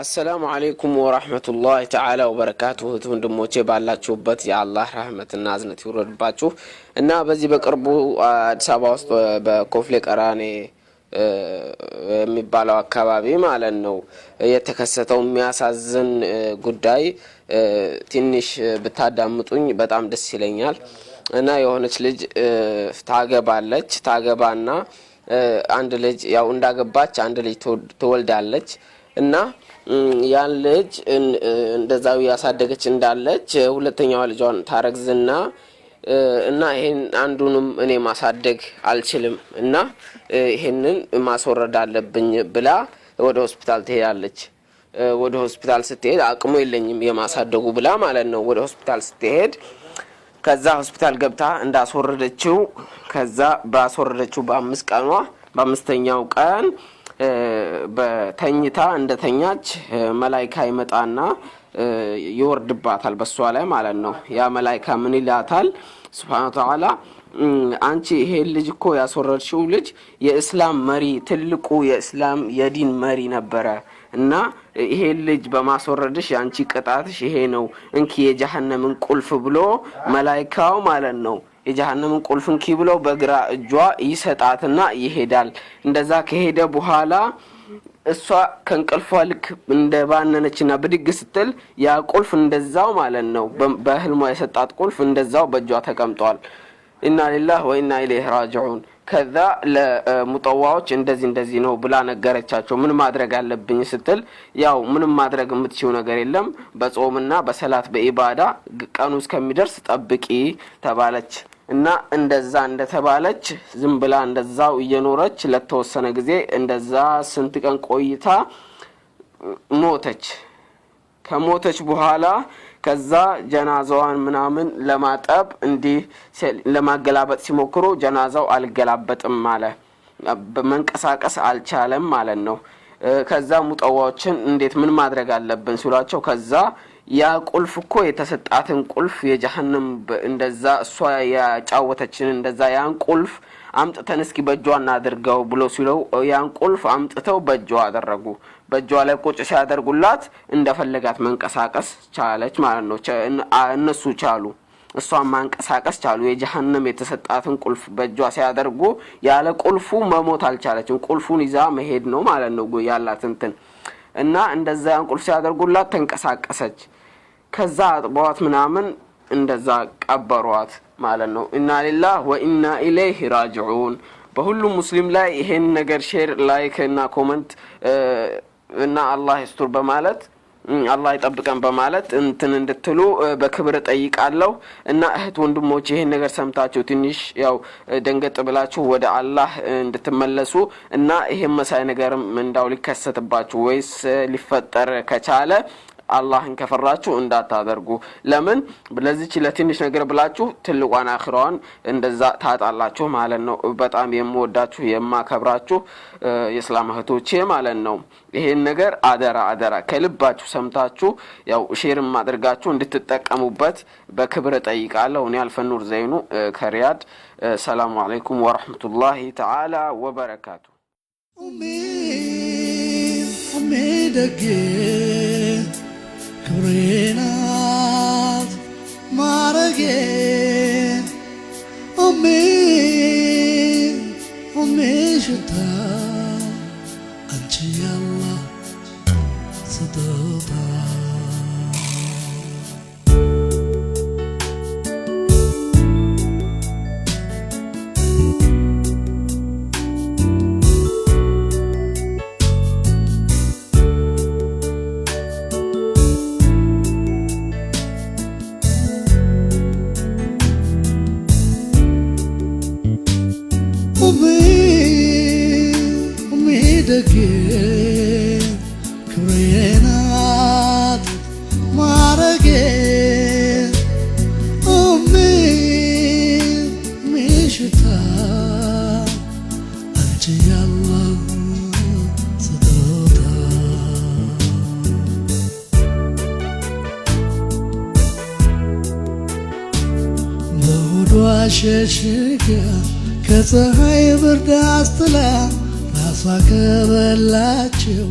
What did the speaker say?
አሰላሙ አሌይኩም ወራህመቱላህ ተዓላ ወበረካቱ። እህት ወንድሞቼ ባላችሁበት የአላህ ረህመትና አዝነት ይውረድባችሁ እና በዚህ በቅርቡ አዲስ አበባ ውስጥ በኮፍሌ ቀራኔ የሚባለው አካባቢ ማለት ነው የተከሰተው የሚያሳዝን ጉዳይ ትንሽ ብታዳምጡኝ በጣም ደስ ይለኛል እና የሆነች ልጅ ታገባለች። ታገባና አንድ ልጅ ያው እንዳገባች አንድ ልጅ ትወልዳለች እና ያን ልጅ እንደዛው ያሳደገች እንዳለች ሁለተኛዋ ልጇን ታረግዝና እና ይሄን አንዱንም እኔ ማሳደግ አልችልም እና ይሄንን ማስወረድ አለብኝ ብላ ወደ ሆስፒታል ትሄዳለች። ወደ ሆስፒታል ስትሄድ አቅሙ የለኝም የማሳደጉ ብላ ማለት ነው። ወደ ሆስፒታል ስትሄድ ከዛ ሆስፒታል ገብታ እንዳስወረደችው ከዛ ባስወረደችው በአምስት ቀኗ በአምስተኛው ቀን በተኝታ እንደተኛች መላይካ ይመጣና ይወርድባታል በሷ ላይ ማለት ነው። ያ መላይካ ምን ይላታል? ስብሓነ ተዓላ አንቺ ይሄን ልጅ እኮ ያስወረድሽው ልጅ የእስላም መሪ ትልቁ የእስላም የዲን መሪ ነበረ እና ይሄን ልጅ በማስወረድሽ የአንቺ ቅጣትሽ ይሄ ነው፣ እንኪ የጀሀነምን ቁልፍ ብሎ መላይካው ማለት ነው የጀሃነምን ቁልፍን ኪ ብለው በግራ እጇ ይሰጣትና ይሄዳል። እንደዛ ከሄደ በኋላ እሷ ከእንቅልፏ ልክ እንደ ባነነችና ብድግ ስትል ያ ቁልፍ እንደዛው ማለት ነው፣ በህልሟ የሰጣት ቁልፍ እንደዛው በእጇ ተቀምጧል። ኢና ሊላህ ወኢና ኢለይህ ራጅዑን። ከዛ ለሙጠዋዎች እንደዚህ እንደዚህ ነው ብላ ነገረቻቸው። ምን ማድረግ አለብኝ ስትል ያው ምንም ማድረግ የምትችው ነገር የለም በጾምና በሰላት በኢባዳ ቀኑ እስከሚደርስ ጠብቂ ተባለች። እና እንደዛ እንደተባለች ዝም ብላ እንደዛው እየኖረች ለተወሰነ ጊዜ እንደዛ ስንት ቀን ቆይታ ሞተች። ከሞተች በኋላ ከዛ ጀናዛዋን ምናምን ለማጠብ እንዲህ ለማገላበጥ ሲሞክሩ ጀናዛው አልገላበጥም አለ። በመንቀሳቀስ አልቻለም ማለት ነው። ከዛ ሙጠዋዎችን እንዴት ምን ማድረግ አለብን ሲሏቸው ከዛ ያ ቁልፍ እኮ የተሰጣትን ቁልፍ የጀሀነም እንደዛ እሷ ያጫወተችን እንደዛ ያን ቁልፍ አምጥተን እስኪ በእጇ እናድርገው ብሎ ሲለው ያን ቁልፍ አምጥተው በእጇ አደረጉ። በእጇ ላይ ቁጭ ሲያደርጉላት እንደፈለጋት መንቀሳቀስ ቻለች ማለት ነው። እነሱ ቻሉ፣ እሷን ማንቀሳቀስ ቻሉ። የጀሀነም የተሰጣትን ቁልፍ በእጇ ሲያደርጉ ያለ ቁልፉ መሞት አልቻለችም። ቁልፉን ይዛ መሄድ ነው ማለት ነው ያላት እንትን እና እንደዛ ያን ቁልፍ ሲያደርጉላት ተንቀሳቀሰች። ከዛ አጥበዋት ምናምን እንደዛ ቀበሯት ማለት ነው። ኢና ሊላህ ወኢና ኢለይህ ራጅዑን። በሁሉም ሙስሊም ላይ ይሄን ነገር ሼር፣ ላይክ እና ኮመንት እና አላህ ይስቱር በማለት አላህ ይጠብቀን በማለት እንትን እንድትሉ በክብር ጠይቃለሁ። እና እህት ወንድሞች ይህን ነገር ሰምታችሁ ትንሽ ያው ደንገጥ ብላችሁ ወደ አላህ እንድትመለሱ እና ይሄን መሳይ ነገርም እንዳው ሊከሰትባችሁ ወይስ ሊፈጠር ከቻለ አላህን ከፈራችሁ እንዳታደርጉ። ለምን ለዚች ለትንሽ ነገር ብላችሁ ትልቋን አክራዋን እንደዛ ታጣላችሁ ማለት ነው። በጣም የምወዳችሁ የማከብራችሁ የእስላም እህቶቼ ማለት ነው። ይሄን ነገር አደራ አደራ ከልባችሁ ሰምታችሁ ያው ሼርም አድርጋችሁ እንድትጠቀሙበት በክብር እጠይቃለሁ። እኔ አልፈኑር ዘይኑ ከሪያድ። ሰላሙ አለይኩም ወረህመቱላሂ ተዓላ ወበረካቱ። Renath mar again O me, o me juta Anci Allah Sadova ove umidage kurenat marage ove mishta acıyallah Doğa şaşırken ከፀሐይ ብርድ አስጥላ ራሷ ከበላችው